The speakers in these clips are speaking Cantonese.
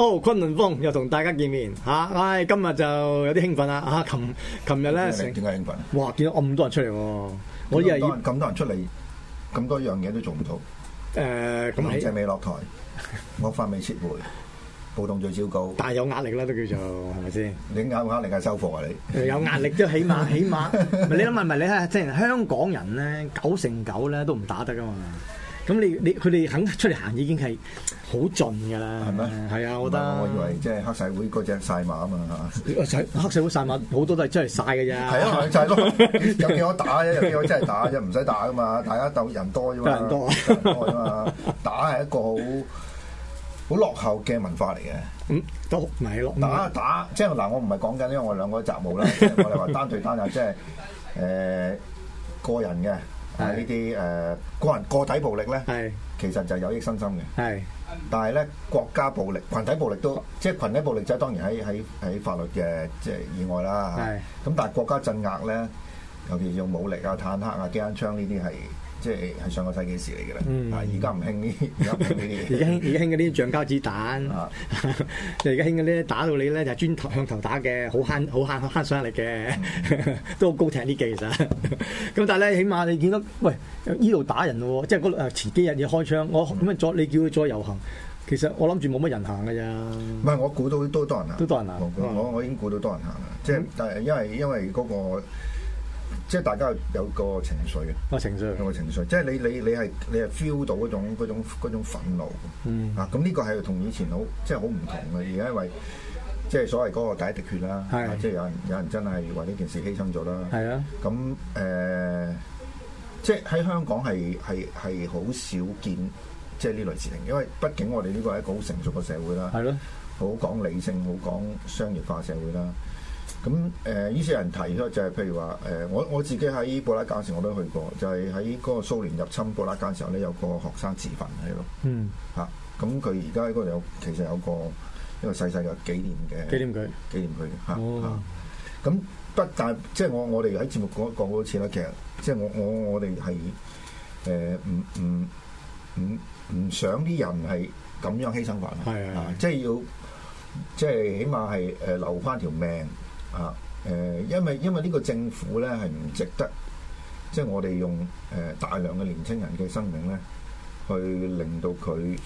哦，崑崙風又同大家見面嚇！唉、哎，今日就有啲興奮啦嚇！琴琴日咧，點解興奮？哇！見到咁、哦、多人出嚟喎，我以為咁多人出嚟，咁多樣嘢都做唔到。誒、呃，咁就未落台，惡法未撤回，暴動最少高。但係有壓力啦，都叫做係咪先？你壓唔壓力係收貨啊？你有壓力都起碼起碼，你諗下咪？你即係香港人咧，九成九咧都唔打得噶嘛。咁你你佢哋肯出嚟行已經係好盡噶啦，係咪嗎？係啊，我覺得。我以為即係黑社會嗰隻曬馬啊嘛，係 黑社會曬馬好多都係真係曬嘅啫。係啊，就係、是、咯。 有幾我打，有幾我真係打，又唔使打噶嘛。大家鬥人多啫嘛。 人多多啊嘛。打係一個好好落後嘅文化嚟嘅、嗯。都係咯打。打打即係嗱，我唔係講緊，因為我兩個職務啦，我哋話單對單啊，即係誒個人嘅。呢啲誒個人個體暴力咧，是其實就有益身心嘅。是但係咧，國家暴力、群體暴力都即係群體暴力就當然喺喺喺法律嘅即係以外啦。咁是但係國家鎮壓咧，尤其用武力啊、坦克啊、機槍呢啲係。即係係上個世紀時嚟嘅啦，啊、嗯！而家唔興呢，而家興而家興啲橡膠子彈，而家興嗰啲打到你咧就係、是、專頭向頭打嘅，好慳好慳慳上力嘅，嗯、 都好高踢啲技術。咁但係咧，起碼你見到喂依度打人喎、喔，即係嗰啊前幾日嘢開槍，嗯、我咁啊再你叫佢再遊行，其實我諗住冇乜人行嘅咋。唔係，我估到都多人行。都多人行，我、嗯嗯、我已經估到多人行啦，即係但係因為因為嗰、那個。即係大家有個情緒嘅，有、啊、情緒，有個情緒。即係你你你係你係 feel 到嗰種嗰種嗰種憤怒。嗯、啊，咁呢個係同以前好即係好唔同嘅。而家的因為即係所謂嗰個第一滴血啦的、啊，即係有人有人真係為呢件事犧牲咗啦。係啊的。咁誒、呃，即係喺香港係係係好少見即係呢類事情，因為畢竟我哋呢個係一個好成熟嘅社會啦。係咯的。好講理性，好講商業化社會啦。咁誒，呢些、呃、人提出，就係譬如話誒，我我自己喺布拉格時我都去過，就係喺嗰個蘇聯入侵布拉格時候咧，有個學生自焚係咯。嗯。嚇、啊！咁佢而家喺嗰度有，其實有個一個細細嘅紀念嘅紀念佢、啊、紀念佢嚇咁不但，但即係我我哋喺節目講講好多次啦，其實即係我我我哋係誒唔唔唔唔想啲人係咁樣犧牲埋，係、啊的啊、即係要即係起碼係誒留翻條命。啊！誒，因為因為呢個政府咧係唔值得，即係我哋用誒大量嘅年青人嘅生命咧，去令到佢誒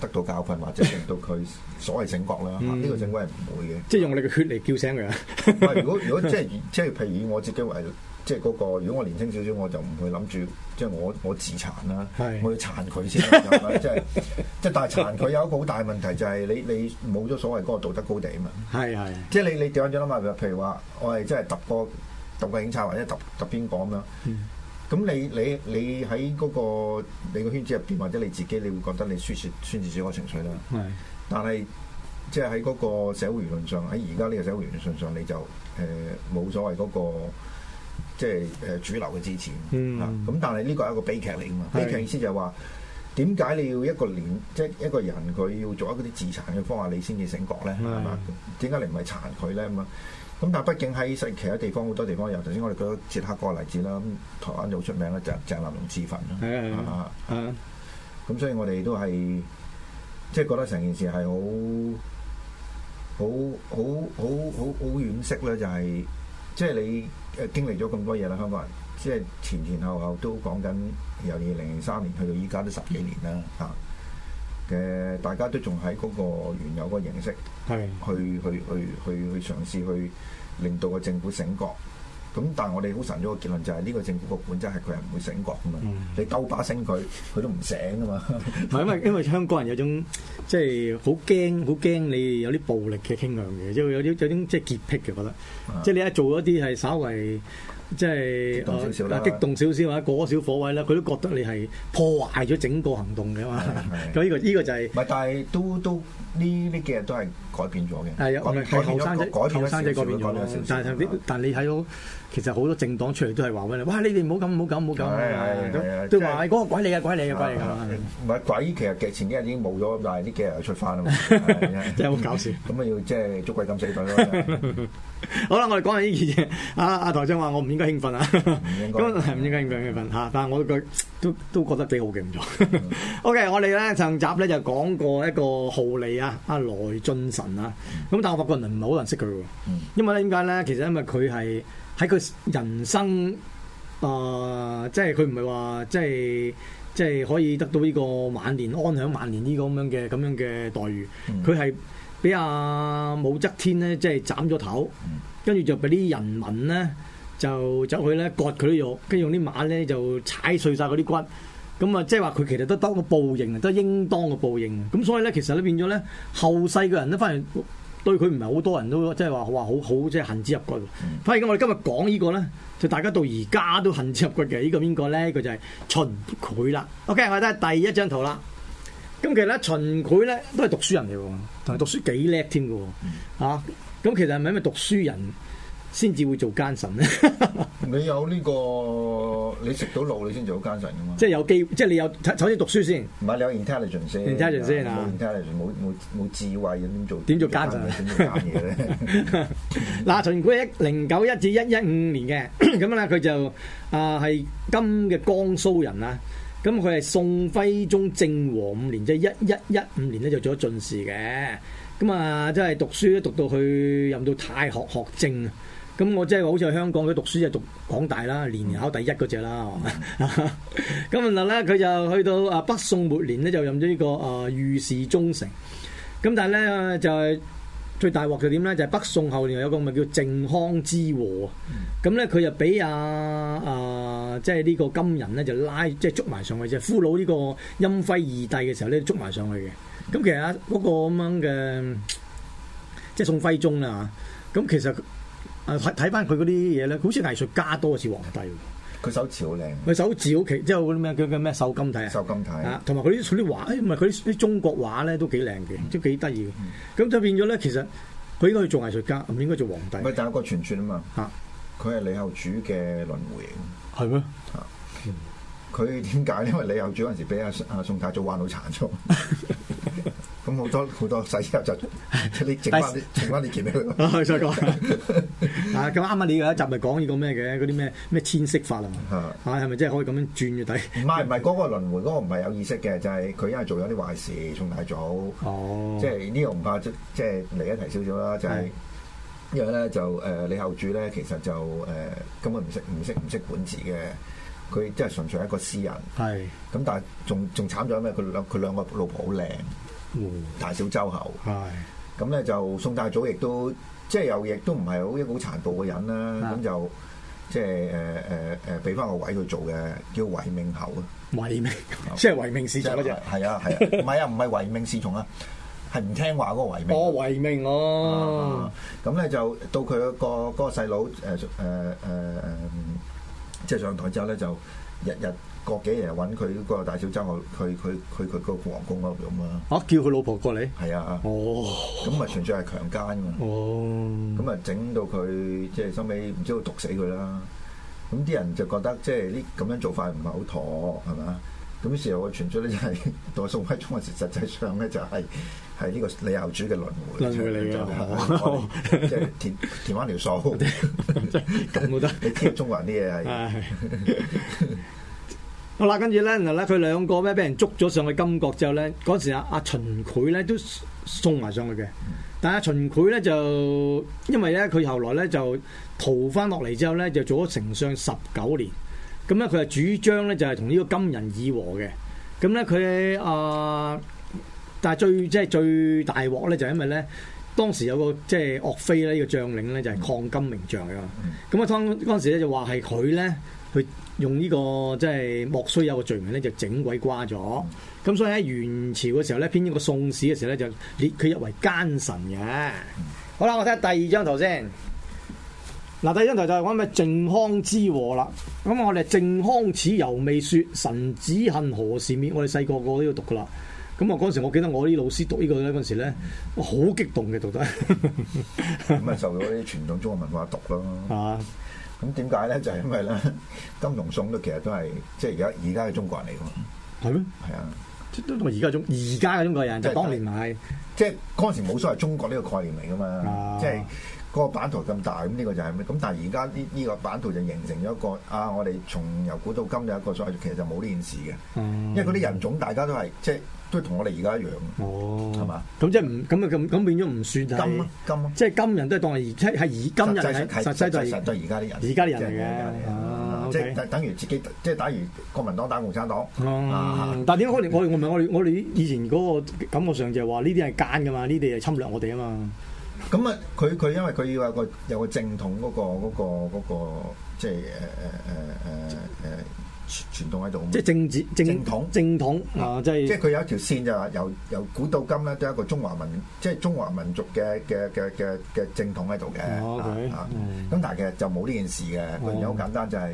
得到教訓，或者令到佢所謂醒覺啦。嗯，呢個政府係唔會嘅。即係用你嘅血嚟叫聲㗎。唔 如果如果即係即係，譬如以我自己為。即係嗰個，如果我年輕少少，我就唔會諗住，即係我我自殘啦，是我要殘佢先，係即係即係，但係殘佢有一個好大問題，就係你你冇咗所謂嗰個道德高地啊嘛。係係是。即係你你點樣諗啊？譬如話，我係真係揼個揼個警察，或者揼揼邊個咁樣。嗯。咁你你你喺嗰個你個圈子入邊，或者你自己，你會覺得你宣泄宣泄少啲情緒啦。係是。但係即係喺嗰個社會輿論上，喺而家呢個社會輿論上，你就誒冇所謂嗰個。即係誒主流嘅支持，咁、嗯啊、但係呢個係一個悲劇嚟㗎嘛！的悲劇意思就係話點解你要一個連即係一個人佢要做一啲自殘嘅方法，你先至醒覺咧？係嘛的？點解你唔係殘佢咧？咁啊？咁但係畢竟喺世其他地方好多地方有，頭先我哋講捷克個例子啦，咁台灣就好出名咧，就鄭南榕自焚啦，咁所以我哋都係即係覺得成件事係好好好好好好惋惜咧，就係、是。即係你誒經歷咗咁多嘢啦，香港人，即係前前後後都講緊，由二零零三年去到依家都十幾年啦，啊嘅大家都仲喺嗰個原有嗰個形式，係的去去去去去嘗試去令到個政府醒覺。咁但係我哋好神咗個結論就係呢個政府個本質係佢係唔會醒覺噶嘛，你兜巴星佢，佢都唔醒噶嘛。唔係因為因為香港人有種即係好驚好驚你有啲暴力嘅傾向嘅，有有有種即係潔癖嘅覺得。即係你一做一啲係稍為即係激動少少啦，激動少少或者過少火位啦，佢都覺得你係破壞咗整個行動嘅嘛。咁呢個呢個就係唔係？但係都都呢幾日都係改變咗嘅。係我哋睇後生仔，後生仔改變咗，但係但係你睇到。其實好多政黨出嚟都係話俾你，哇！你哋唔好咁，唔好咁，唔好咁，都話嗰個鬼嚟嘅，鬼嚟嘅，鬼嚟嘅。唔係鬼，其實前幾日已經冇咗，但係呢幾日又出翻啦。真係好搞笑。咁啊要即係捉鬼咁死佢咯。好啦，我哋講下呢件嘢。阿阿台長話我唔應該興奮啊，咁係唔應該興奮吓，但係我都覺都都覺得幾好嘅，唔錯。O K，我哋咧尋集咧就講過一個號李啊，阿來俊臣啊，咁但係我發覺唔係好多人識佢嘅，因為咧點解咧？其實因為佢係。喺佢人生啊、呃，即係佢唔係話，即係即係可以得到呢個晚年安享晚年呢個咁樣嘅咁樣嘅待遇。佢係俾阿武則天咧，即係斬咗頭，跟住就俾啲人民咧就走去咧割佢啲肉，跟住用啲馬咧就踩碎晒嗰啲骨。咁、嗯、啊，即係話佢其實都得個報應，都應當嘅報應。咁所以咧，其實咧變咗咧後世嘅人咧反而……對佢唔係好多人都即係話哇，好好，即係恨之入骨。反而我哋今日講呢個咧，就大家到而家都恨之入骨嘅。這個、呢個邊個咧？呢個就係秦檜啦。OK，我睇下第一張圖啦。咁其實咧，秦檜咧都係讀書人嚟，同埋讀書幾叻添嘅。啊，咁其實係咪因為讀書人先至會做奸臣咧？你 有呢、呢個？你食到腦，你先做到奸臣噶嘛？即係有機，即係你有首先讀書先。唔係你有 intelligence 先，冇 intelligence，冇冇冇智慧，點做？點做奸臣？嗱，秦檜一零九一至一一五年嘅，咁樣啦，佢就啊係今嘅江蘇人啦。咁佢係宋徽宗政和五年，即係一一一五年咧，就做咗進士嘅。咁啊，即係讀書咧，讀到去任到太學學正。咁我即係好似喺香港，佢讀書就讀廣大啦，年年考第一嗰隻啦。咁然後咧，佢 就去到啊北宋末年咧，這個呃，就任咗呢個啊御史中丞。咁但係咧就係最大鑊就點咧？就係，是，北宋後年有個咪叫靖康之禍咁咧，佢就俾啊啊即係呢個金人咧就拉即係，就是，捉埋上去啫。就是，俘虜呢個欽徽二帝嘅時候咧，捉埋上去嘅。咁其實啊嗰個咁樣嘅即係宋徽宗啦，啊。咁其實。睇睇翻佢嗰啲嘢咧，好似藝術家多似皇帝。佢手字好靚，佢手字好奇，即係啲咩叫叫咩瘦金體啊？瘦金體同埋佢啲啲畫，唔係佢啲中國畫咧都幾靚嘅，都幾得意嘅。咁、嗯、就變咗咧，其實佢應該去做藝術家，唔應該做皇帝。佢第一個傳傳啊嘛。啊！佢係李後主嘅輪迴。係咩嗎？佢點解？因為李後主嗰陣時俾阿阿宋太祖玩到殘咗。 咁好 多好多細節就你剩翻，剩翻啲錢俾佢。啊，再講 啊，咁啱啱你有一集咪講呢個咩嘅？嗰啲咩咩遷息法啊？啊的，係咪即係可以咁樣轉嘅底？唔係唔係，嗰、嗯、個輪迴嗰個唔係有意識嘅，就係佢因為做咗啲壞事，從大早哦，即係呢個唔怕即即係嚟離題少少啦。就係、是就是、的因為咧就誒、呃、李後主咧，其實就誒、呃、根本唔識唔識唔識管治嘅，佢即係純粹係一個詩人。係咁的，但係仲仲慘咗咩？佢兩佢兩個老婆好靚。哦、 大小周后，係咁咧就宋太祖亦都即係又亦都唔係好一個好殘暴嘅人啦，咁就即係誒誒誒，俾、呃、翻個位佢做嘅叫違命侯命即命從即啊，違命即係惟命是從嗰隻，係啊係啊，唔係啊唔係惟命是從啊，係唔聽話嗰個違命，哦違命哦，咁咧就到佢個個個細佬誒誒誒誒，即係上台之後咧就日日，日。過幾日揾佢個大小周去去去佢個皇宮嗰度咁啊！啊，叫佢老婆過嚟，係啊，哦，咁啊，純粹係強奸噶，哦， 咁啊、 哎，整到佢即係收尾，唔知度毒死佢啦。咁啲人就覺得即係呢咁樣做法唔係好妥，係咪？咁於是乎，個傳說咧就係代宋徽宗，實實際上咧就係係呢個李後主嘅輪迴，即係填填翻條數，咁好得你貼中國啲嘢啊。好啦，跟住咧，嗱，咧佢兩個咧，俾人捉咗上去金國之後咧，嗰時阿、啊、阿秦檜咧都送埋上去嘅。但係、啊、阿秦檜咧就，因為咧佢後來咧就逃翻落嚟之後咧，就做咗丞相十九年。咁咧佢就主張咧就係同呢個金人議和嘅。咁咧佢啊，但係最即係最大鑊咧，就係、是、因為咧，當時有個即係岳飛咧，呢、這個將領咧就係、是、抗金名將啊。咁、嗯、啊，嗯、當嗰陣時咧就話係佢咧。佢用呢、這個即係莫須有嘅罪名咧，就整鬼瓜咗。咁、嗯、所以喺元朝嘅時候咧，編呢個《宋史》嘅時候咧，就列佢入為奸臣嘅。嗯、好啦，我睇下第二張圖先。嗱，第二張圖就係講咩靖康之禍啦。咁我哋靖康始由未雪，神子恨何時滅？我哋細個個都要讀噶啦。咁啊，嗰陣時我記得我啲老師讀呢個咧嗰陣時咧，好、嗯、激動嘅讀得、嗯。咁啊，受咗啲傳統中國文化讀咯。啊！咁點解咧？就係、是、因為咧，金同宋都其實都係即係而家而家嘅中國人嚟喎。係咩嗎？係啊，即都同而家中而家嘅中國人就當年係，即係嗰陣時冇所謂中國呢個概念嚟噶嘛。啊、即係嗰個版圖咁大，咁呢個就係、是、咩？咁但係而家呢呢個版圖就形成咗一個啊！我哋從由古到今就一個所謂，其實就冇呢件事嘅。因為嗰啲人種大家都係即係。都係同我哋而家一樣，係嘛、哦？咁吧即係唔咁啊咁咁變咗唔算金金即係金人都係當係而即係而金人係實際就係而家啲人，而家啲人即係等於自己，即係打如國民黨打共產黨。嗯啊、但係點解我哋、嗯、我我我哋以前嗰個感覺上就係話呢啲係奸㗎嘛？呢啲係侵略我哋啊嘛？咁啊，佢佢因為佢要有個有個正統嗰、嗰個嗰、嗰個嗰個嗰個、即係誒誒誒誒誒。呃呃呃呃呃呃呃傳統喺度，即係政治正統，正統啊！即係即係佢有一條線就話由由古到今咧，都係一個中華民，即係中華民族嘅嘅嘅嘅嘅正統喺度嘅。咁但係其實就冇呢件事嘅原因好簡單，就係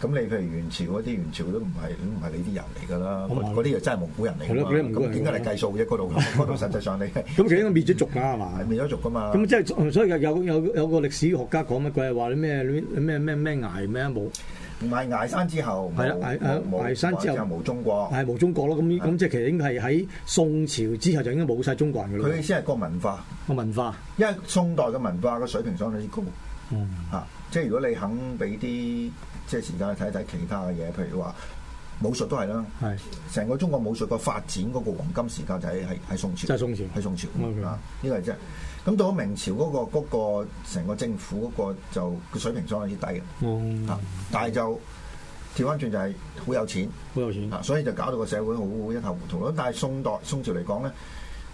咁你譬如元朝嗰啲元朝都唔係唔係你啲人嚟噶啦，嗰啲又真係蒙古人嚟噶嘛？咁點解嚟計數啫？嗰度嗰度實際上你咁其實應該滅咗族噶嘛？係滅咗族噶嘛？咁即係所以有有有有個歷史學家講乜鬼？話你咩咩咩咩挨咩冇？唔係崖山之後，係啦，係係的無崖山之後冇中國，係冇中國咯。咁咁的即係其實應該係喺宋朝之後就應該冇晒中國人嘅咯。佢意思係個文化，個文化，因為宋代嘅文化個水平相對高，這個，嗯嚇、啊，即係如果你肯俾啲即係時間去睇一睇其他嘅嘢，譬如話。武術都係啦，係成是個中國武術個發展嗰個黃金時間就喺喺宋朝，就係宋，宋朝，喺宋朝啊，呢個係、就、啫、是。咁到咗明朝嗰、那個成、那個、個政府嗰個就個水平相當之低嘅、嗯啊，但係就調返轉就係、是、好有錢，好有錢啊，所以就搞到個社會好一頭糊塗咯。但係宋代宋朝嚟講咧，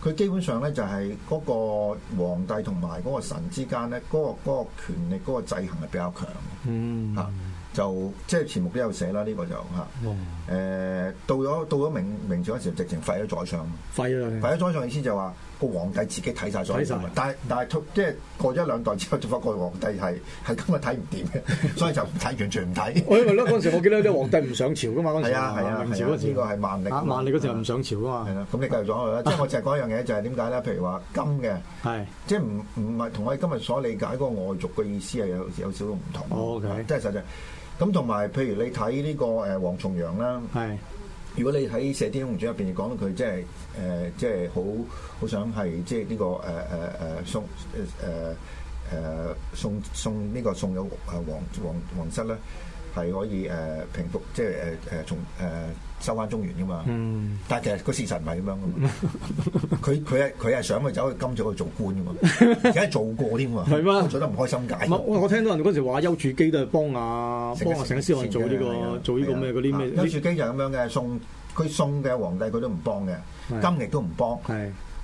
佢基本上咧就係嗰個皇帝同埋嗰個神之間咧，嗰、那個嗰、那個、權力嗰、那個那個制衡係比較強嗯啊。嗯就即係前目都有寫啦，呢個就嚇。誒到咗到咗明明朝嗰時，直情廢咗宰相。廢咗宰相意思就話個皇帝自己睇晒所睇曬。但係但係，即係過一兩代之後，就發覺個皇帝係係今日睇唔掂嘅，所以就睇完全唔睇。我記得嗰時，我記得啲皇帝唔上朝噶嘛。係啊係啊，明朝嗰陣呢個係萬歷。萬歷嗰陣唔上朝啊嘛。係啦，咁你繼續講佢啦。即係我淨係講一樣嘢，就係點解咧？譬如話金嘅，係即係唔唔係同我哋今日所理解嗰個外族嘅意思係有有少少唔同。O K，真係實際。咁同埋，譬如你睇呢、這個誒王、呃、重陽啦，是如果你喺《射鵰英雄傳》入邊講到佢即係誒，即係好好想係即係呢個誒誒誒送誒誒、呃、送送呢個送咗誒皇皇皇室咧，係可以誒平復即係誒誒從誒。呃收翻中原噶嘛？但係其實個事實唔係咁樣噶嘛。佢佢係佢係想去走去金朝去做官噶嘛，而家做過添嘛。係嘛？做得唔開心解。我我聽到人嗰陣時話邱處機都係幫啊幫啊成啲僆做呢個做呢個咩嗰啲咩。邱處機就係咁樣嘅送，佢送嘅皇帝佢都唔幫嘅，金亦都唔幫。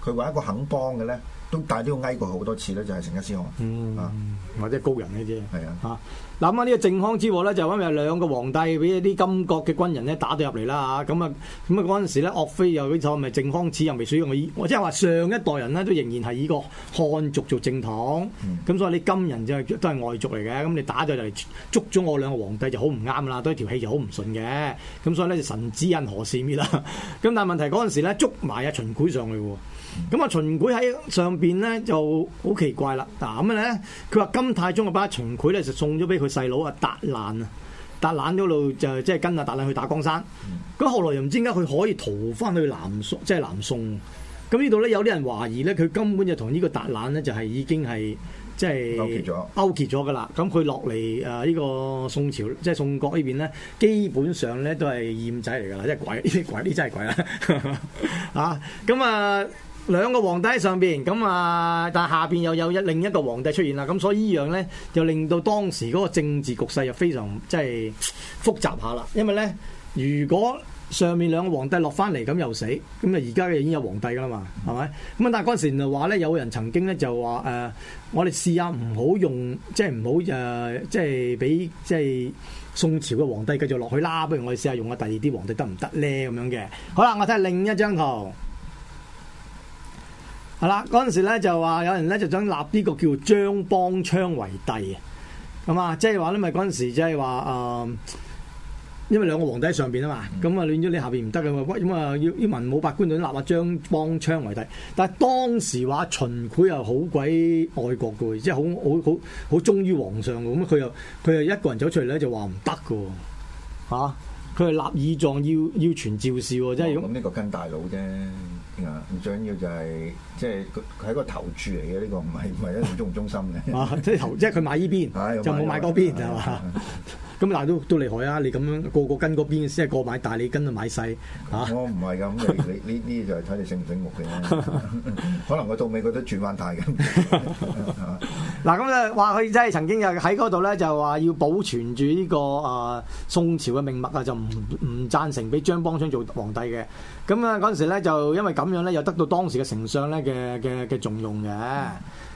佢話一個肯幫嘅咧。都大都要挨過好多次咧，就係、是、成吉思汗，嗯啊、或者高人嗰啲。係是啊，啊，嗱咁啊呢個靖康之禍咧，就係因為兩個皇帝俾啲金國嘅軍人咧打咗入嚟啦嚇，咁啊咁啊嗰陣時咧，岳飛又啲錯咪靖康恥猶未雪我，我即係話上一代人咧都仍然係以個漢族做正統，咁、嗯、所以你金人就係、都係外族嚟嘅，咁你打咗就嚟捉咗我兩個皇帝就好唔啱啦，對條氣就好唔順嘅，咁所以咧就臣子恨，何時滅啦，咁 但係問題嗰陣時咧捉埋阿秦檜上去喎。咁啊，秦檜喺上邊咧就好奇怪啦。嗱，咁咧佢話金太宗啊把秦檜咧就送咗俾佢細佬啊，達懶啊，達懶嗰度就即係跟阿達懶去打江山。咁、嗯、後來又唔知點解佢可以逃翻去南、就是、南宋，即係南宋。咁呢度咧有啲人懷疑咧，佢根本就同呢個達懶咧就係、是、已經係即係勾結咗勾結咗噶啦。咁佢落嚟誒呢個宋朝，即、就、係、是、宋國邊呢邊咧，基本上咧都係燕仔嚟噶啦，即係鬼呢啲鬼，呢真係鬼啦。啊，咁啊～兩個皇帝喺上邊，咁啊，但係下邊又有一另一個皇帝出現啦，咁所以呢樣咧，就令到當時嗰個政治局勢又非常即係複雜下啦。因為咧，如果上面兩個皇帝落翻嚟，咁又死，咁啊而家已經有皇帝噶啦嘛，係咪？咁啊，但係嗰陣時就話咧，有人曾經咧就話誒、呃，我哋試下唔好用，即係唔好誒，即係俾即係宋朝嘅皇帝繼續落去啦。不如我哋試下用下第二啲皇帝得唔得咧？咁樣嘅。好啦，我睇下另一張圖。係啦，嗰陣 時咧就話有人咧就想立呢個叫張邦昌為帝啊，咁啊，即係話因咪嗰陣時即係話誒，因為兩個皇帝喺上邊啊嘛，咁啊亂咗你下邊唔得嘅嘛，咁啊要要文武百官想立阿張邦昌為帝，但係當時話秦檜又好鬼愛國嘅，即係好好好好忠於皇上嘅，咁佢又佢又一個人走出嚟咧就話唔得嘅，吓、啊，佢係立議狀要要傳趙氏，哦、即係咁呢個跟大佬啫。啊！最重要就係即係佢係個投注嚟嘅呢個，唔係唔係一種忠唔忠心嘅。即係頭、即係 啊，即係佢買呢邊， 啊、就冇買嗰邊，係嘛、 啊？啊啊啊咁嗱都都厲害啊！你咁樣個個跟嗰邊先係個，個買大，你跟就買細嚇。我唔係㗎，咁你你呢啲就係睇你醒唔醒目嘅。可能佢到尾佢都轉翻大嘅。嗱咁 啊話佢真係曾經又喺嗰度咧，就話要保存住呢、呢個啊、呃、宋朝嘅命脈啊，就唔唔贊成俾張邦昌做皇帝嘅。咁啊嗰陣時咧，就因為咁樣咧，又得到當時嘅丞相咧嘅嘅嘅重用嘅。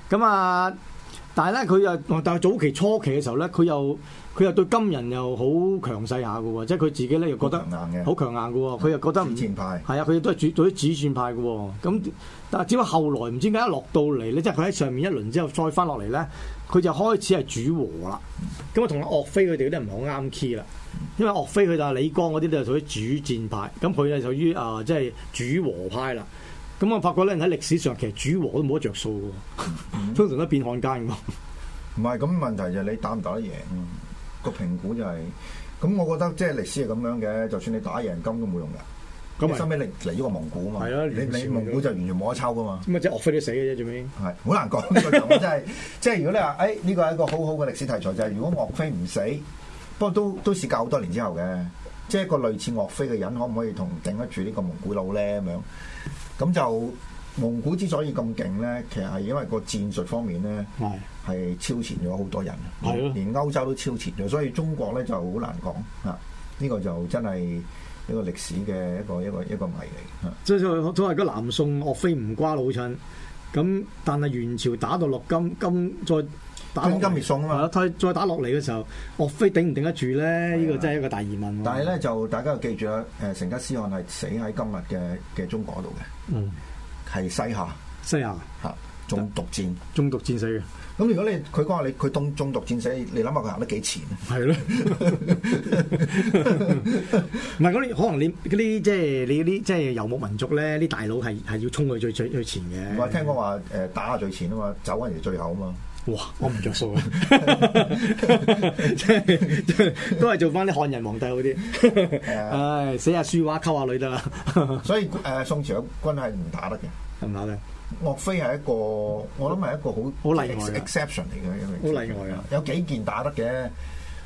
咁啊～、 嗯但係咧，佢又但係早期初期嘅時候咧，佢又佢又對金人又好強勢下嘅喎，即係佢自己咧又覺得好強硬嘅。佢、嗯、又覺得唔前派。係啊，佢都係主屬於主戰派嘅喎。咁但係只不過後來唔知點解一落到嚟咧，即係佢喺上面一輪之後再翻落嚟咧，佢就開始係主和啦。咁啊，同阿岳飛佢哋嗰啲唔好啱 key 啦，因為岳飛佢就阿李綱嗰啲就屬於主戰派，咁佢係屬於啊即係主和派啦。咁我發覺咧，喺歷史上其實主和都冇得着數嘅，嗯、通常都變漢奸嘅。唔係咁問題就係你打唔打得贏，嗯、個評估就係、是。咁我覺得即係歷史係咁樣嘅，就算你打贏金都冇用嘅。咁收尾嚟嚟呢個蒙古啊嘛，的你原來 你蒙古就完全冇得抽噶嘛。咁咪即係岳飛都死嘅啫，最尾。好難講呢、這個、就是，真係 即係如果你話，誒、哎、呢、這個係一個好好嘅歷史題材，就係、是、如果岳飛唔死，不過都都是夠好多年之後嘅。即係個類似岳飛嘅人，可唔可以同頂得住呢個蒙古佬咧？咁樣咁就蒙古之所以咁勁咧，其實係因為個戰術方面咧係係超前咗好多人，係，連歐洲都超前咗，所以中國咧就好難講啊！呢個就真係一個歷史嘅一個一個一個謎嚟嘅。啊，即係都係個南宋岳飛唔瓜老襯，咁但係元朝打到落金金再。打金滅宋啊嘛！再再打落嚟嘅時候，岳飛頂唔頂得住咧？呢個真係一個大疑問。但係咧就大家要記住啊，誒，成吉思汗係死喺今日嘅嘅中國度嘅，嗯，係西夏，西夏吓中毒戰，中毒戰死嘅。咁如果你佢講話你佢中中毒戰死，你諗下佢行得幾前？係咯，唔係啲可能你啲即係你啲即係游牧民族咧，啲大佬係係要衝去最最最前嘅。唔係聽講話誒，打下最前啊嘛，走陣時最後啊嘛。哇！我唔着數啊，即係都係做翻啲漢人皇帝好啲，唉，寫下書畫溝下女得啦。所以誒，宋朝嘅軍係唔打得嘅，唔打得。岳飛係一個，我諗係一個好好例外嘅 exception 嚟嘅，因為好例外啊。有幾件打得嘅，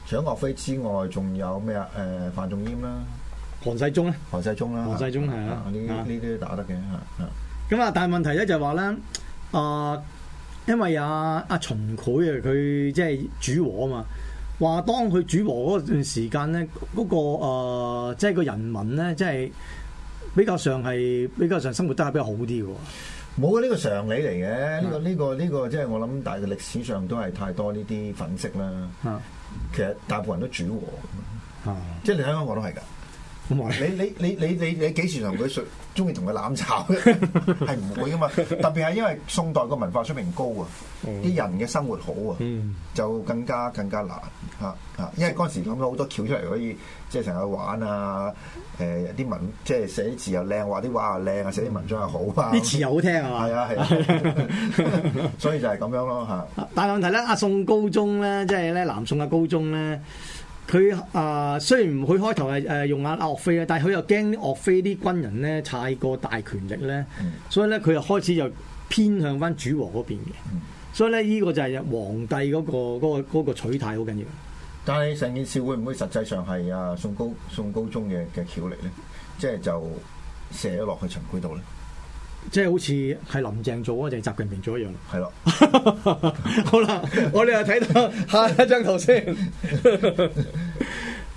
除咗岳飛之外，仲有咩啊？誒，范仲淹啦，韓世忠咧，韓世忠啦，韓世忠啊，呢啲呢啲打得嘅咁啊，但係問題咧就係話咧，啊。因為阿阿秦檜啊，佢即係主和啊嘛，話當佢主和嗰段時間咧，嗰、那個誒即係個人民咧，即、就、係、是、比較上係比較上生活得係比較好啲嘅。冇啊，呢個常理嚟嘅，呢的、這個呢、這個呢、這個即係我諗，大係歷史上都係太多呢啲粉飾啦。嗯的，其實大部分人都主和，即係你香港我都係噶。的的 你你你你你你幾時同佢熟？中意同佢攬炒嘅係唔會噶嘛？特別係因為宋代個文化水平高啊，啲、嗯、人嘅生活好啊，嗯、就更加更加難吓吓、啊。因為嗰時諗到好多橋出嚟可以即係成日玩啊，誒、呃、啲文即係寫字又靚，畫啲畫又靚啊，寫啲文章又好啊，啲詞又好聽係嘛？係啊係，啊啊 所以就係咁樣咯吓。 但係問題咧，阿宋高宗咧，即係咧南宋嘅高宗咧。佢啊、呃，雖然唔佢開頭係誒用下岳飛咧，但係佢又驚岳飛啲軍人咧太過大權力咧，嗯、所以咧佢又開始就偏向翻主和嗰邊嘅。嗯、所以咧呢個就係皇帝嗰、嗰個嗰、嗰個嗰個、取態好緊要。但係成件事會唔會實際上係啊宋高宋高宗嘅嘅橋力咧？即係就射咗落去秦檜度咧？即係好似係林鄭做啊，定係習近平做一樣咯。係咯， 好啦，我哋又睇到下一張圖先。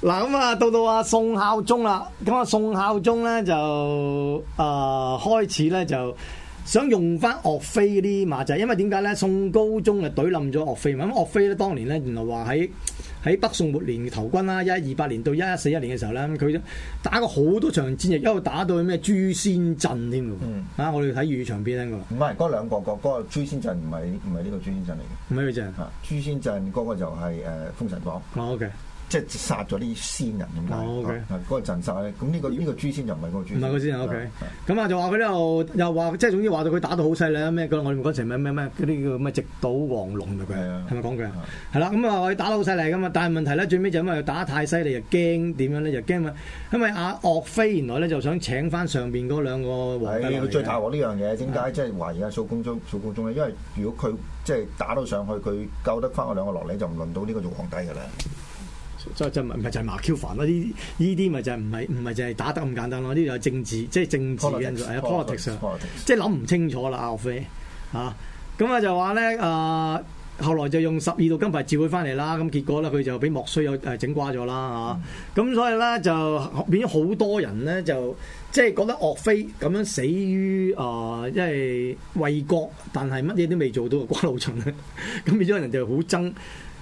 嗱咁啊，到到啊宋孝宗啦，咁啊宋孝宗咧就啊、呃、開始咧就想用翻岳飛嗰啲馬仔，因為點解咧？宋高宗啊懟冧咗岳飛嘛。咁岳飛咧，當年咧原來話喺，喺北宋末年嘅投軍啦，一一二八年到一一四一年嘅時候咧，佢打過好多場戰役，一路打到咩誅仙陣添。嗯、啊，我哋睇粵語長片咧，唔係嗰兩個角，嗰、嗰個誅、嗰個、仙陣唔係唔係呢個誅仙陣嚟嘅。唔係，佢就係誅仙陣，嗰個就係誒封神榜。好嘅。即係殺咗啲仙人咁解，嗰陣殺咧。咁呢個呢個朱仙就唔係嗰個朱仙 OK，咁啊就話佢呢度，又話，即係總之話到佢打到好犀利啊！咩？我唔講成咩咩咩嗰啲叫咩？直搗黃龍就佢，係咪講佢啊？係啦，咁啊，我哋打得好犀利咁啊！但係問題咧，最尾就因為打得太犀利，又驚點樣咧？又驚啊！因為阿岳飛原來咧就想請翻上邊嗰兩個皇帝嚟。最大鑊呢樣嘢點解？即係懷疑阿宋高宗宋高宗咧，因為如果佢即係打到上去，佢救得翻我兩個落嚟，就唔輪到呢個做皇帝嘅啦。即就就唔唔係就係麻 Q 煩，咯？呢呢啲咪就係唔係唔係就係打得咁簡單咯？呢啲係政治，即係政治嘅因素。啊，Politics，即係諗唔清楚啦，岳飛嚇。咁啊就話咧誒，後來就用十二道金牌召佢翻嚟啦。咁結果咧，佢就俾莫須有，誒整瓜咗啦嚇。咁、啊嗯、所以咧就變咗好多人咧就即係覺得岳飛咁樣死於誒，即係為國，但係乜嘢都未做到瓜老襯啦。咁變咗人就好憎。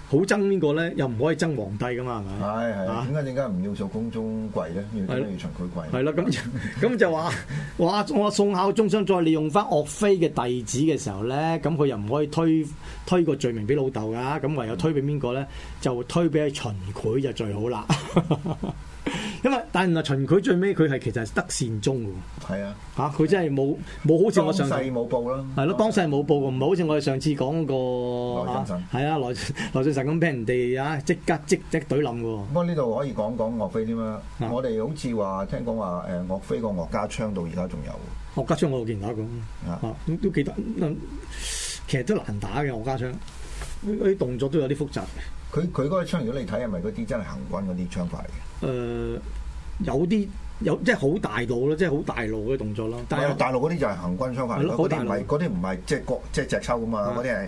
好憎邊個咧？又唔可以憎皇帝噶嘛？係咪、哎？係係、啊。點解陣間唔要做高宗跪咧？要都要秦檜跪。係啦，咁咁就話，哇！ 我宋孝宗想再利用翻岳飛嘅弟子嘅時候咧，咁佢又唔可以推推個罪名俾老豆㗎，咁唯有推俾邊個咧？就推俾秦檜就最好啦。 因為但係，原來秦檜最尾佢係其實係得善終嘅。係啊，吓佢、啊、真係冇冇好似我上次係咯，當世冇報唔係、啊、好似我哋上次講個係啊，羅羅俊臣咁俾人哋吓即刻即即懟冧嘅。啊、不過呢度可以講講岳飛啲咩？啊、我哋好似話聽講話誒，岳飛個岳家槍到而家仲有。岳、啊、家槍我見打過、啊，都記得，其實都難打嘅岳家槍，嗰啲動作都有啲複雜。佢佢嗰個槍，如果你睇係咪嗰啲真係行軍嗰啲槍法嚟嘅？誒，有啲有即係好大路咯，即係好大路嘅動作咯。但係大路嗰啲就係行軍槍法嚟嘅，嗰啲唔係嗰啲唔係即係國即係隻抽噶嘛，嗰啲係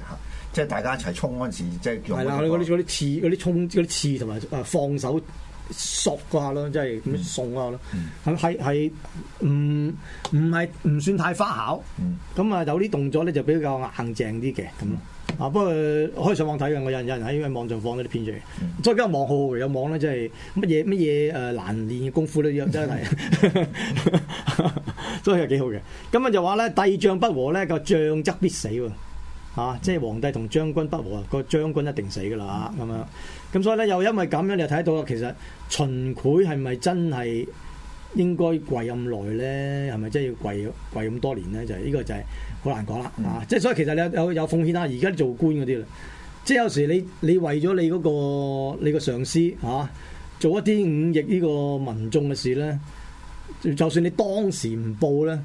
即係大家一齊衝嗰陣時，即係用。係啦，嗰啲嗰啲刺，嗰啲衝，嗰啲刺同埋誒放手索嗰下咯，即係咁送嗰下咯。咁係係唔唔係唔算太花巧。咁啊，有啲動作咧就比較硬淨啲嘅咁。啊！不過可以上網睇嘅，我有有人喺網上放咗啲片出嚟。嗯、再加網好有網咧，真係乜嘢乜嘢誒難練嘅功夫咧，真係、 嗯， 所以係幾好嘅。咁、嗯、啊就話咧，帝將不和咧，個將則必死喎、啊。即係皇帝同將軍不和，個將軍一定死㗎啦。咁樣咁所以咧，又因為咁樣，你睇到其實秦檜係咪真係應該跪咁耐咧？係咪真係要跪跪咁多年咧？就係、是、呢個就係、是。好難講啦，啊，即係所以其實你有有有奉獻啦、啊，而家做官嗰啲啦，即係有時你你為咗你嗰、那個你個上司啊，做一啲忤逆呢個民眾嘅事咧，就算你當時唔報咧，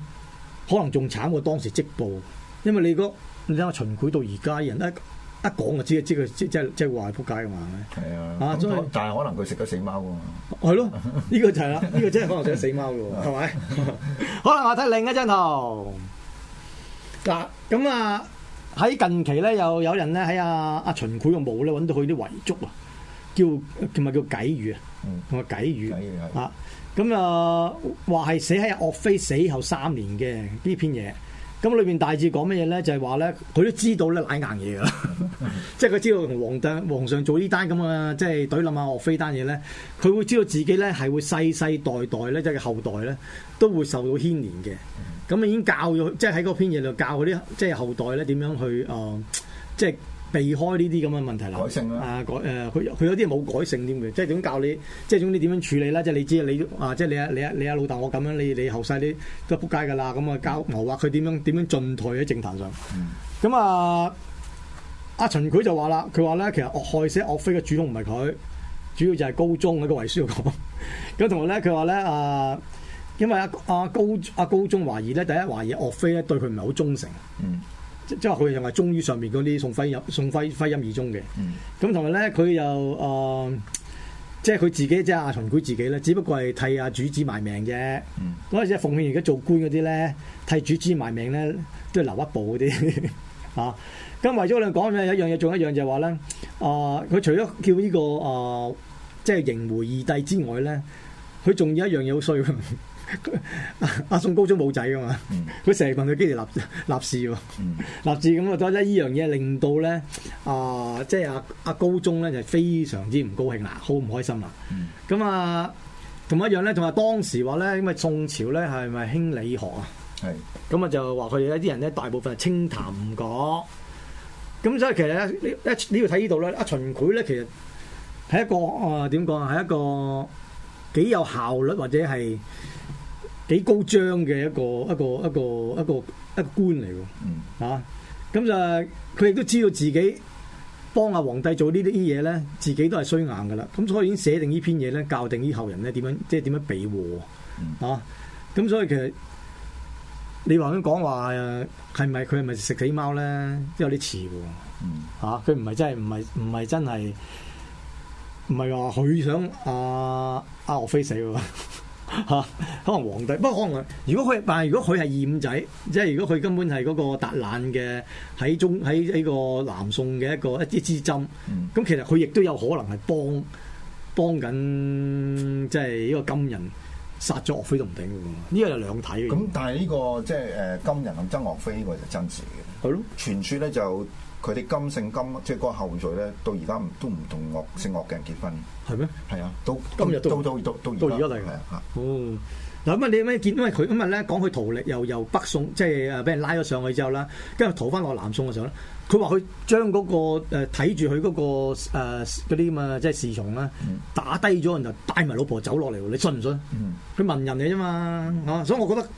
可能仲慘過當時即報，因為你、那個你睇下秦檜到而家人一一講就知，就知佢即係即係話撲街嘅嘛，係啊，咁、啊、但係可能佢食咗死貓啊以，係 咯，呢、這個就係、是、啦，呢、這個真係可能食咗死貓嘅，係咪？ 可能我睇另一張圖。嗱，咁啊喺近期咧，又有人咧喺阿阿秦檜嘅墓咧揾到佢啲遺囑啊，啊叫叫咪叫偈語啊，同埋、嗯、偈語雨啊，咁啊話係寫喺岳飛死後三年嘅呢篇嘢。咁裏邊大致講乜嘢咧？就係話咧，佢都知道咧，舐硬嘢噶，即係佢知道同皇帝皇上做呢單咁嘅，即係懟冧啊岳飛單嘢咧，佢會知道自己咧係會世世代代咧即係後代咧都會受到牽連嘅。咁啊已經教咗，即係喺嗰篇嘢度教嗰啲即係後代咧點樣去誒，即、呃、係。就是避開呢啲咁嘅問題啦，啊改誒，佢佢有啲冇改性添嘅、啊呃，即係點教你，即係總之點樣處理啦，即係你知你啊，你，你啊，即係你啊你啊你啊，你啊老豆我咁樣，你你後世你都仆街噶啦，咁、嗯嗯嗯嗯、啊教我話佢點樣點樣進退喺政壇上，咁啊阿秦佢就話啦，佢話咧其實害死岳飛嘅主兇唔係佢，主要就係高宗。喺個遺書度講，咁同埋咧佢話咧啊，因為阿、啊、阿、啊、高阿、啊、高宗懷疑咧，第一懷疑岳飛咧對佢唔係好忠誠。嗯即係佢仲係忠於上面嗰啲宋徽入宋徽徽欽二宗嘅。咁同埋咧，佢、嗯、又誒、呃，即係佢自己，即係阿秦檜自己咧，只不過係替阿主子賣命啫。嗰陣時，奉獻而家做官嗰啲咧，替主子賣命咧，都係留一步啲 啊。咁為咗我哋講嘅有一樣嘢，仲有一樣就係話咧，啊、呃，佢除咗叫呢、這個啊、呃，即係迎回二帝之外咧，佢仲有一樣嘢好衰。阿、 啊、宋高宗冇仔噶嘛？佢成日問佢幾時立立事喎，立志咁、mm. 呃、啊！多一呢樣嘢，令到咧啊，即係阿阿高宗咧就非常之唔高興啊，好唔開心啊！咁、mm. 啊，同一樣咧，仲話當時話咧，因為啊宋朝咧係咪興理學啊？係咁啊就話佢哋一啲人咧大部分係清談唔講，咁所以其實咧呢呢要睇呢度咧，阿秦檜咧其實係一個啊點講啊？係、呃、一個幾有效率或者係。幾高張嘅一個一個一個一個一個官嚟㗎。啊，咁就佢亦都知道自己幫阿皇帝做呢啲啲嘢咧，自己都係衰硬噶啦。咁所以已經寫定呢篇嘢咧，教定呢後人咧點樣，即係點樣避禍。咁所以其實你話咁講話係咪佢係咪食死貓咧？都有啲似嘅，吓佢唔係真係唔係唔係真係唔係話佢想阿阿岳飛死喎。呵呵吓、啊，可能皇帝，不過可能如果佢，但係如果佢係二五仔，即係如果佢根本係嗰個達懶嘅喺中喺呢個南宋嘅一個一支支針，咁、嗯、其實佢亦都有可能係幫幫緊，即係呢個金人殺咗岳飛都唔定嘅。呢、嗯，這個係兩睇嘅。咁但係呢個即係誒金人同曾岳飛呢個就真實嘅。係咯的，傳說咧就。佢哋金姓金，即係嗰個後裔咧，到而家都唔同岳姓岳嘅人結婚。係咩嗎？係啊，到今日都都都，都到而家係啊。哦、嗯，嗱咁啊，你有咩見？因為佢今日咧講佢逃離，又由北宋，即係俾人拉咗上去之後啦，跟住逃翻落南宋嘅時候咧，佢話佢將嗰個睇住佢嗰個嗰啲咁啊，即係侍從啦，打低咗，然後帶埋老婆走落嚟。你信唔信？佢文、嗯、人嚟啫嘛，啊、嗯，所以我覺得。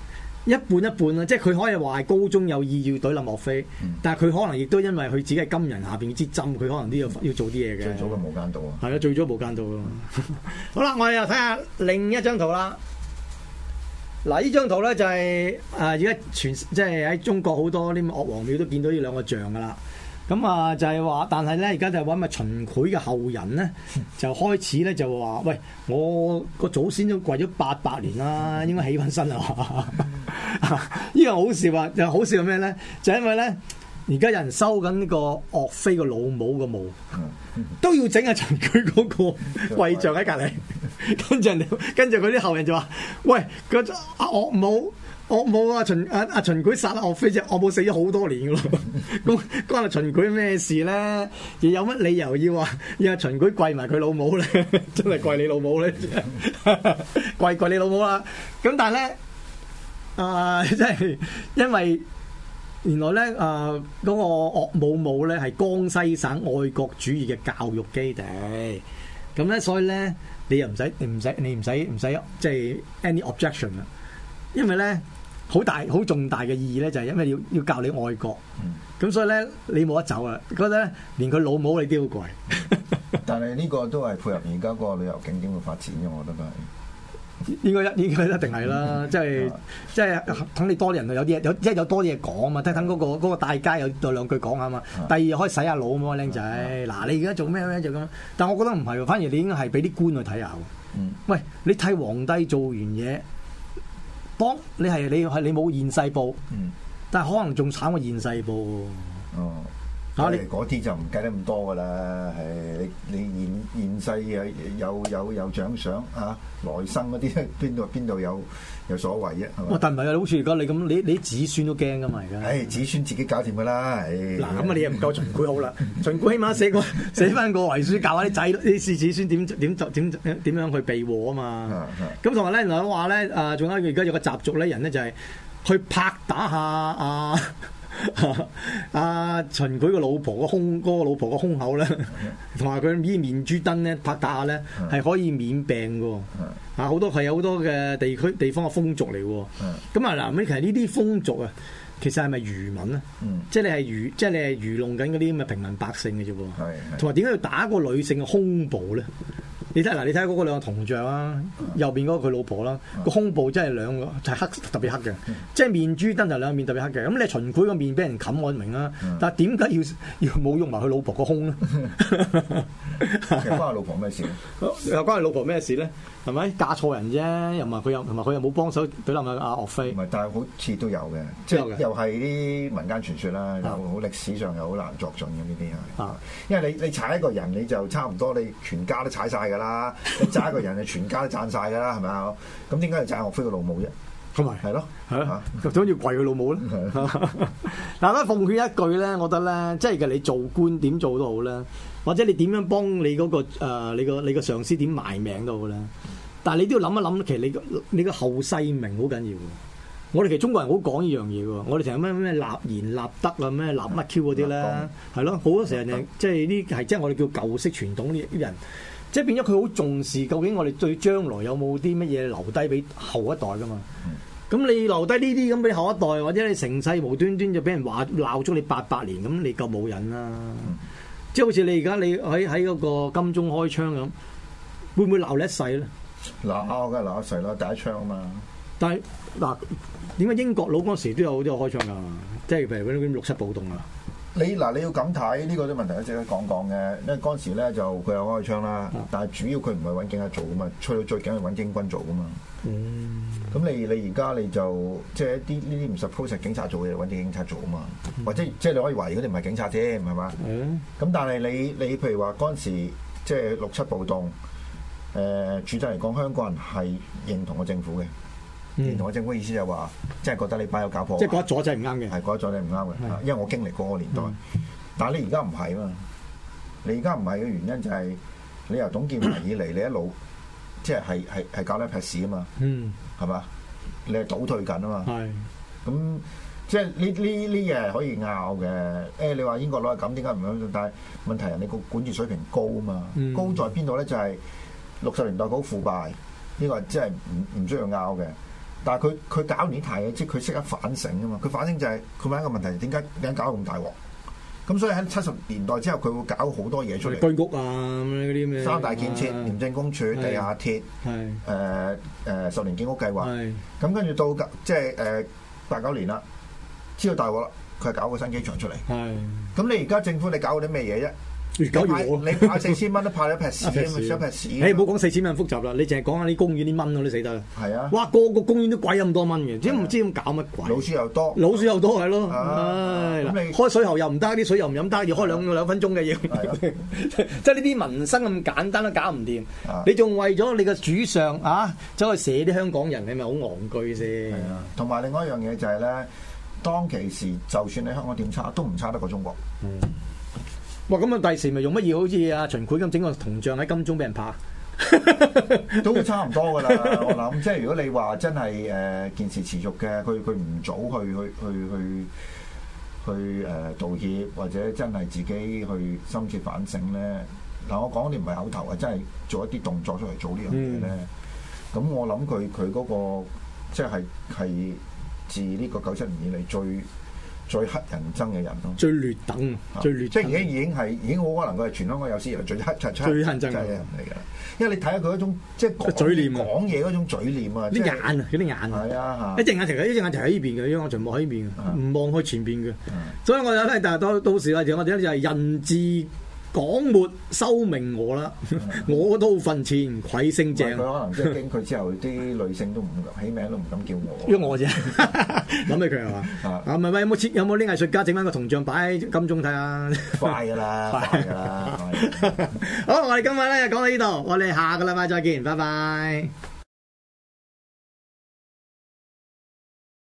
一半一半啦，即係佢可以話係高宗有意要懟冧岳飛，嗯、但係佢可能亦都因為佢自己係金人下邊嗰支針，佢、嗯、可能都要要做啲嘢嘅。最早嘅無間道啊，係啦、嗯，最早無間道啊。好啦，我哋又睇下另一張圖啦。嗱、啊，呢張圖咧就係誒而家全即係喺中國好多啲岳王廟都見到呢兩個像噶啦。咁啊、嗯，就係、是、話，但係咧，而家就揾咪秦檜嘅後人咧，就開始咧就話，喂，我個祖先都跪咗八百年啦，應該起返身啦。呢 個好笑話，就是、好笑係咩咧？就因為咧，而家有人收緊呢個岳飛個老母個墓，都要整下、啊、秦檜嗰個跪像喺隔籬。 跟住人，跟住佢啲後人就話，喂，這個岳母。岳母啊，秦啊啊秦檜殺咗岳飛啫，岳母死咗好多年噶咯，咁關阿秦檜咩事咧？又有乜理由要話要阿秦檜跪埋佢老母咧？真係跪你老母咧？跪跪你老母啦！咁但係咧，啊，即係因為原來咧，啊嗰個岳母母咧係江西省愛國主義嘅教育基地，咁咧所以咧，你又唔使你唔使你唔使唔使即係 any objection 啊，因為咧。好大好重大嘅意義咧，就係、是、因為要要教你愛國。咁、嗯、所以咧，你冇得走啊！覺得連佢老母你都要跪、嗯。但係呢個都係配合而家個旅遊景點嘅發展嘅，我覺得係應該一應該一定係啦。即係即係等你多啲人啊，有啲有即係有多嘢講啊嘛。即係等嗰、那個那個大街，有兩句講下嘛。嗯、第二可以洗下腦啊嘛，僆仔。嗱、嗯嗯，你而家做咩咩就咁。但我覺得唔係喎，反而你應該係俾啲官去睇下喂，你替皇帝做完嘢。當你係你係你冇現世報，嗯、但係可能仲慘過現世報。哦啊！你嗰啲就唔計得咁多噶啦，係你你現現世啊有有有獎賞啊，來生嗰啲邊度邊度有有所謂啊？哇！但唔係啊，好似而家你咁，你你子孫都驚噶嘛，而家。唉，子孫自己搞掂噶啦，嗱咁啊，你又唔夠循規好啦，循規起碼寫個寫翻個遺書教下啲仔你啲子孫點點點點樣去避禍啊嘛。咁同埋咧，原來話咧啊，仲有而家有個習俗咧，人咧就係去拍打下啊。阿、 啊、秦佢，那個老婆個胸，嗰個老婆個胸口咧，同埋佢呢面珠燈咧拍打下咧，係，mm hmm. 可以免病噶。啊、mm，好、hmm. 多係有好多嘅地區地方嘅風俗嚟。咁啊、mm，嗱，尾其實呢啲風俗啊，其實係咪愚民啊、mm hmm.？即係你係愚，即係你係愚弄緊嗰啲咁嘅平民百姓嘅啫。同埋點解要打個女性嘅胸部咧？你睇嗱，你睇嗰個兩個銅像啦，右邊嗰個佢老婆啦、啊，個、嗯、胸部真係兩個就黑特別黑嘅，嗯、即係面珠燈就兩面特別黑嘅。咁你秦檜個面俾人冚我明啦、啊，嗯、但係點解要要冇用埋佢老婆個胸咧、啊？ 關佢老婆咩事？又關佢老婆咩事咧？係咪嫁錯人啫？又唔係佢又唔係佢又冇幫手俾林啊阿岳飛？唔係，但係好似都有嘅，即係的又係啲民間傳説啦。的又好歷史上又好難作準嘅呢啲係，因為你你踩一個人你就差唔多你全家都踩晒㗎啦。啊！揸 一個人，你全家都賺晒噶啦，係咪啊？咁點解要賺岳飛個老母啫？咁咪，係咯，係咯，仲要跪佢老母咧？嗱，我奉勸一句咧，我覺得咧，即係嘅你做官點做都好啦，或者你點樣幫你嗰、那個誒、呃，你個你個上司點賣名都好啦。但係你都要諗一諗，其實你個你個後世名好緊要。我哋其實中國人好講呢樣嘢嘅，我哋成日咩咩立言立德啊，咩立乜 Q 嗰啲咧，係方咯，好多時候就得即係呢係，即係我哋叫舊式傳統啲人。即係變咗佢好重視，究竟我哋對將來有冇啲乜嘢留低俾後一代㗎嘛？咁、嗯、你留低呢啲咁俾後一代，或者你成世無端端就俾人話鬧足你八百年，咁你夠冇癮啦！嗯、即係好似你而家你喺喺嗰個金鐘開槍咁，會唔會鬧你一世咧？梗係，鬧一世啦，第一槍啊嘛！但係嗱，點解英國佬嗰時都有好多開槍㗎？即係譬如嗰啲六七暴動啊！你嗱，你要咁睇呢個啲問題咧，只可以講講嘅，因為嗰陣時咧就佢有開槍啦，但係主要佢唔係揾警察做噶嘛，出到最緊係揾英軍做噶嘛。嗯。咁你你而家你就即係一啲呢啲唔 suppose 係警察做嘅，揾啲警察做啊嘛，嗯、或者即係你可以懷疑佢哋唔係警察啫，係嘛？咁但係你你譬如話嗰陣時即係六七暴動，誒主體嚟講，香港人係認同個政府嘅。原來我政府意思就話、是，即係覺得你擺有搞破，即係覺得阻製唔啱嘅，係覺得阻製唔啱嘅。是因為我經歷過個年代，是但係你而家唔係啊嘛。你而家唔係嘅原因就係，你由董建華以嚟，你一路即係係係係搞呢一撇屎啊嘛。嗯是，係嘛？你係倒退緊啊嘛。咁即係呢呢呢嘢係可以拗嘅。誒、欸，你話英國佬係咁，點解唔咁？但係問題人哋個管治水平高啊嘛。高在邊度咧？就係六十年代嗰個腐敗，呢、這個即係唔唔需要拗嘅。但係佢佢搞呢啲嘢，即係佢識得反省啊嘛！佢反省就係佢問一個問題：點解點解搞咁大鑊？咁所以喺七十年代之後，佢會搞好多嘢出嚟。居屋啊，啲咩？三大建設、廉政、啊、公署、地下鐵、誒誒、呃呃、十年建屋計劃。咁跟住到即係誒八九年啦，知道大鑊啦，佢係搞個新機場出嚟。咁是你而家政府你搞啲咩嘢啫？越你派四千蚊都派咗一匹屎，咪唔好講四千蚊複雜啦，你淨係講下啲公園啲蚊咯，都死得。係啊！哇，個個公園都鬼咁多蚊嘅，都唔知咁搞乜鬼。老鼠又多，老鼠又多係咯。唉，嗱，開水喉又唔得，啲水又唔飲得，要開兩兩分鐘嘅嘢。即係呢啲民生咁簡單都搞唔掂，你仲為咗你個主上啊走去寫啲香港人，你咪好戇居先。係啊，同埋另外一樣嘢就係咧，當其時就算你香港點差，都唔差得過中國。嗯。哇！咁啊，第時咪用乜嘢？好似阿秦檜咁，整個銅像喺金鐘俾人拍， 都差唔多噶啦。我諗，即係如果你話真係誒、呃，件事持續嘅，佢佢唔早去去去去去誒道歉，或者真係自己去深切反省咧。嗱，我講你唔係口頭啊，真係做一啲動作出嚟做呢樣嘢咧。咁、嗯、我諗佢佢嗰個即係係自呢個九七年以嚟最。最乞人憎嘅人咯，最劣等，啊、最劣，即係而家已經係已經好可能佢係全香港有史以恥來最乞人憎嘅人嚟嘅啦。因為你睇下佢一種即係講嘴唸、啊、講嘢嗰種嘴臉啊，啲眼啊，嗰啲眼，一隻眼一隻眼就喺呢邊嘅，因為我全部喺呢邊，唔望、啊、去前邊嘅。啊、所以我有得，但係到到時嚟講，我哋咧就係人字。講沒收明我啦， 我都墳前愧姓鄭。佢可能即係驚佢之後，啲 女性都唔敢起名，都唔敢叫我。因為我啫， 諗起佢係嘛啊？唔係喂？有冇設？有冇啲藝術家整翻個銅像擺喺金鐘睇下？快噶啦，快噶 啦。好，我哋今日咧就講到呢度，我哋下個禮拜再見，拜拜。